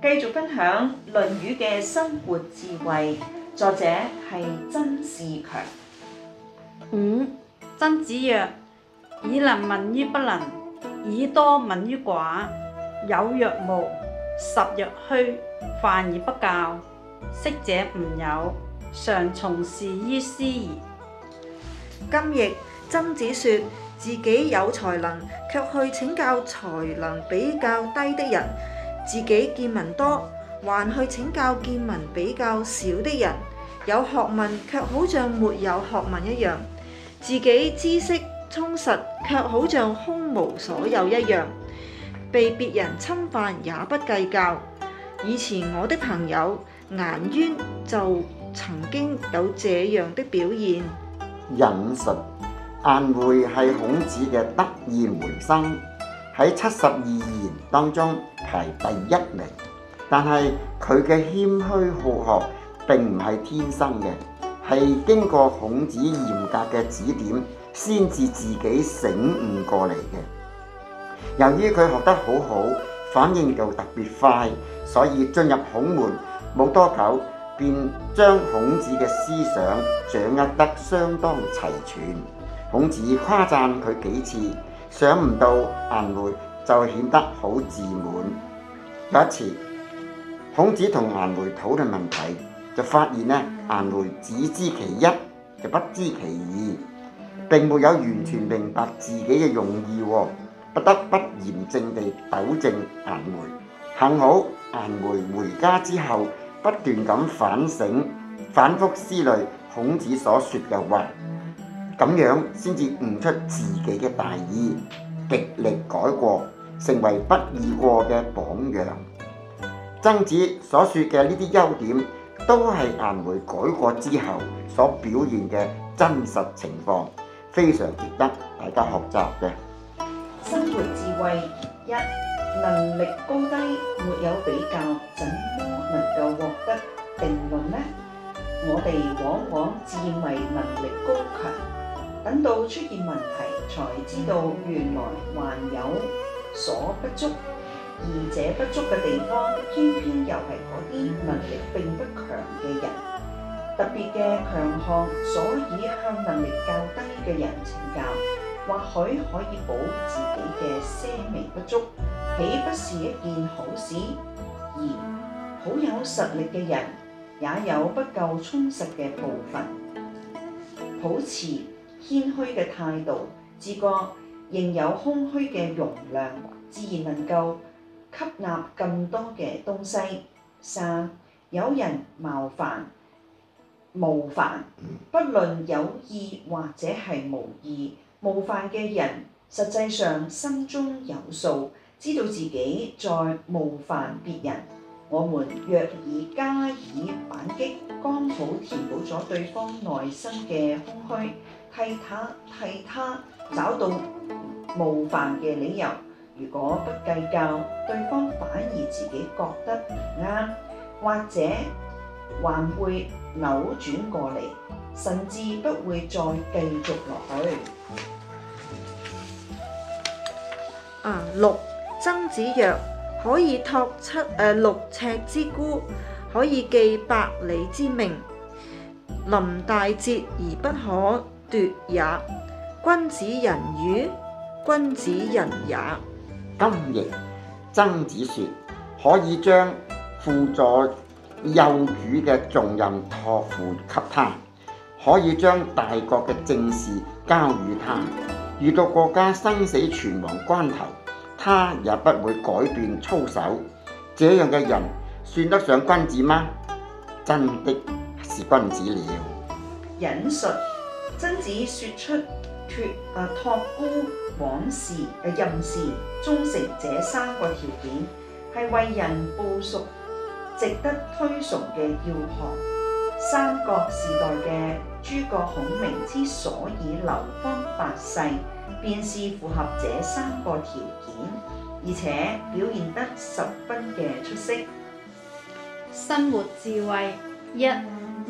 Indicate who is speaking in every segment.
Speaker 1: 繼續分享《論語》嘅生活智慧，作者
Speaker 2: 係曾仕強。五曾子曰：以能問於不能，以多問於寡，有若無，實若虛，犯而不教。昔者吾有常從事於斯矣。今譯曾子說
Speaker 3: 自己有才能，卻去請教才能比較低的人。自己見聞多，還去請教見聞比較少的人；有學問卻好像沒有學問一樣；自己知識充實卻好像空無所有一樣；被別人侵犯也不計較。以前我的朋友顏淵就曾經有這樣的表現。
Speaker 4: 引述顏回係孔子嘅得意門生。喺七十二賢當中排第一名，但係佢嘅謙虛好學並唔係天生嘅，係經過孔子嚴格嘅指點先至自己醒悟過嚟嘅。由於佢學得好好，反應就特別快，所以進入孔門冇多久，便將孔子嘅思想掌握得相當齊全。孔子誇讚佢幾次。想唔到顏回就顯得好自滿。有一次，孔子同顏回討論問題，就發現咧，顏回只知其一，就不知其二，並沒有完全明白自己嘅用意，不得不嚴正地糾正顏回。幸好顏回回家之後，不斷咁反省，反覆思慮孔子所說嘅話。咁樣先至悟出自己嘅大意，極力改過，成為不二過嘅榜樣。曾子所說嘅呢啲優點，都係顏回改過之後所表現嘅真實情況，非常值得大家學習嘅。
Speaker 1: 生活智慧一，能力高低沒有比較，怎麼能夠獲得定論呢？我哋往往自認為能力高強。等到出現問題，才知道原來還有所不足，而這不足嘅地方偏偏又係嗰啲能力並不強嘅人，特別嘅強項，所以向能力較低嘅人請教，或許可以補自己嘅些微不足，豈不是一件好事？而好有實力嘅人也有不夠充實嘅部分，保持謙虛嘅態度，自覺仍有空虛嘅容量，自然能夠吸納更多嘅東西。三、有人冒犯、冒犯，不論有意或者係無意，冒犯嘅人實際上心中有數，知道自己在冒犯別人。我們若而加以反擊，剛好填補咗對方內心嘅空虛，替他替他找到冒犯嘅理由。如果不計較，對方反而自己覺得唔啱，或者還會扭轉過嚟，甚至不會再繼續落去。
Speaker 3: 啊，六曾子曰。可以託七誒、呃、六尺之孤，可以寄百里之命，臨大節而不可奪也。君子人與？君子
Speaker 4: 人也。今亦曾子説：可以將輔助幼主嘅重任託付給他，可以將大國嘅政事交予他。遇到國家生死存亡關頭，他也不會改變操守，這樣嘅人算得上君子嗎？真的是君子了。
Speaker 1: 引述曾子説出脱啊託孤往事嘅、啊、任事忠誠這三個條件，係為人報贖，值得推崇嘅要項。三國時代嘅諸葛孔明之所以流芳百世，便是符合這三個條件，而且表現得十分嘅出色。
Speaker 2: 生活智慧，一、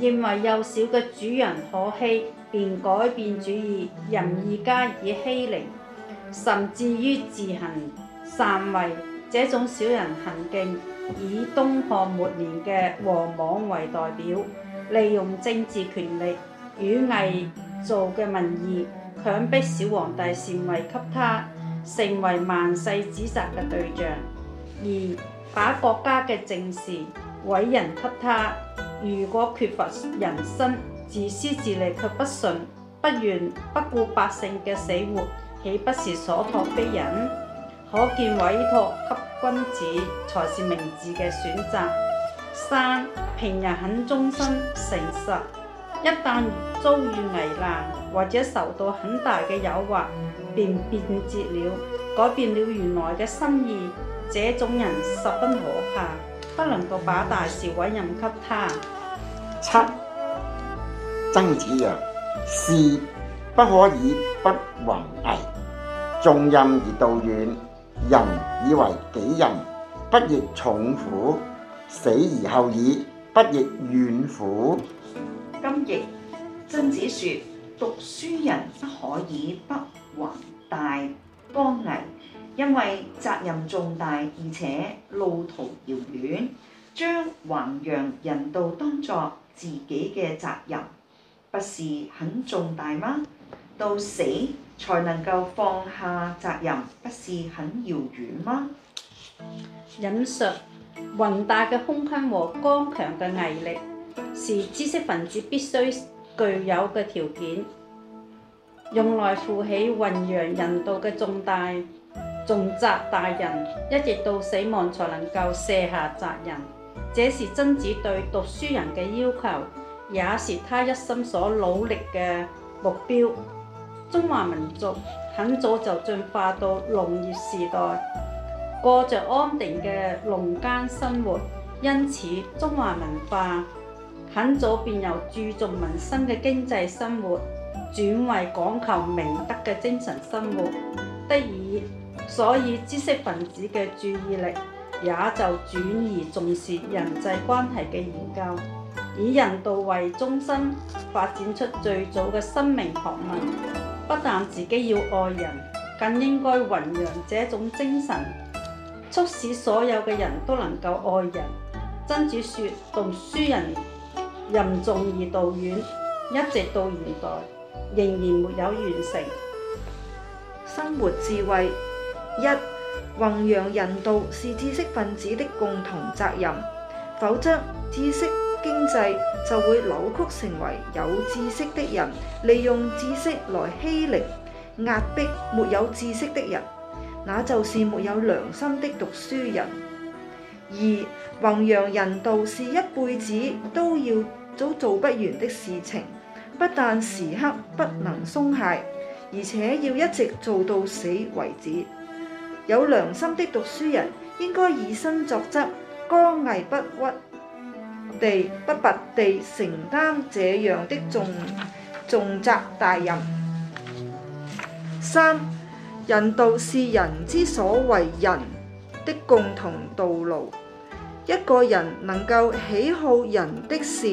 Speaker 2: 認為幼小嘅主人可欺，便改變主意，任意加以欺凌，甚至於自行篡位。這種小人行徑，以東漢末年嘅王莽為代表。利用政治權力與偽造嘅民意，強迫小皇帝禪位給他，成為萬世指責嘅對象；而把國家嘅政事委任給他，如果缺乏人心、自私自利卻不順、不願、不顧百姓嘅死活，豈不是所託非人？可見委託給君子，才是明智嘅選擇。三、平日很忠心誠實，一旦遭遇危難或者受到很大嘅誘惑，便變節了，改變了原來嘅心意。這種人十分可怕，不能夠把大事委任給他。七、
Speaker 4: 曾子曰：士不可以不弘毅，重任而道遠，仁以為己任，不亦重乎？死而後已，不亦遠乎？
Speaker 1: 今亦曾子說：讀書人不可以不宏大光維，因為責任重大，而且路途遙遠。將弘揚人道當作自己嘅責任，不是很重大嗎？到死才能夠放下責任，不是很遙遠嗎？
Speaker 2: 飲食。宏大嘅胸襟和剛強嘅毅力，是知識分子必須具有嘅條件，用來負起弘揚人道嘅重大重責大任，一直到死亡才能夠卸下責任。這是曾子對讀書人嘅要求，也是他一生所努力嘅目標。中華民族很早就進化到農業時代。過着安定嘅農間生活，因此中華文化很早便由注重民生嘅經濟生活轉為講求明德嘅精神生活。得以，所以知識分子嘅注意力也就轉而重視人際關係嘅研究，以人道為中心發展出最早嘅生命學問。不但自己要愛人，更應該弘揚這種精神。促使所有嘅人都能夠愛人。曾子說，讀書人任重而道遠，一直到現代仍然沒有完成。
Speaker 3: 生活智慧一弘揚人道是知識分子的共同責任，否則知識經濟就會扭曲成為有知識的人利用知識來欺凌壓迫沒有知識的人。那就是沒有良心的讀書人。二，弘揚人道是一輩子都要都做不完的事情，不但時刻不能鬆懈，而且要一直做到死為止。有良心的讀書人應該以身作則，剛毅不屈地不拔地承擔這樣的重重責大任。三。人道是人之所為人的共同道路。一個人能夠喜好人的善，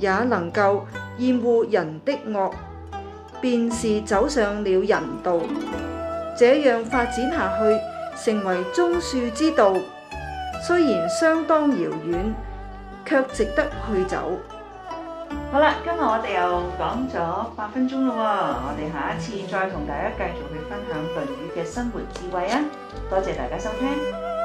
Speaker 3: 也能夠厭惡人的惡，便是走上了人道。這樣發展下去，成為忠恕之道，雖然相當遙遠，卻值得去走。
Speaker 1: 好啦，今日我哋又講咗八分鐘咯，我哋下一次再同大家繼續去分享《論語》嘅生活智慧啊！多謝大家收聽。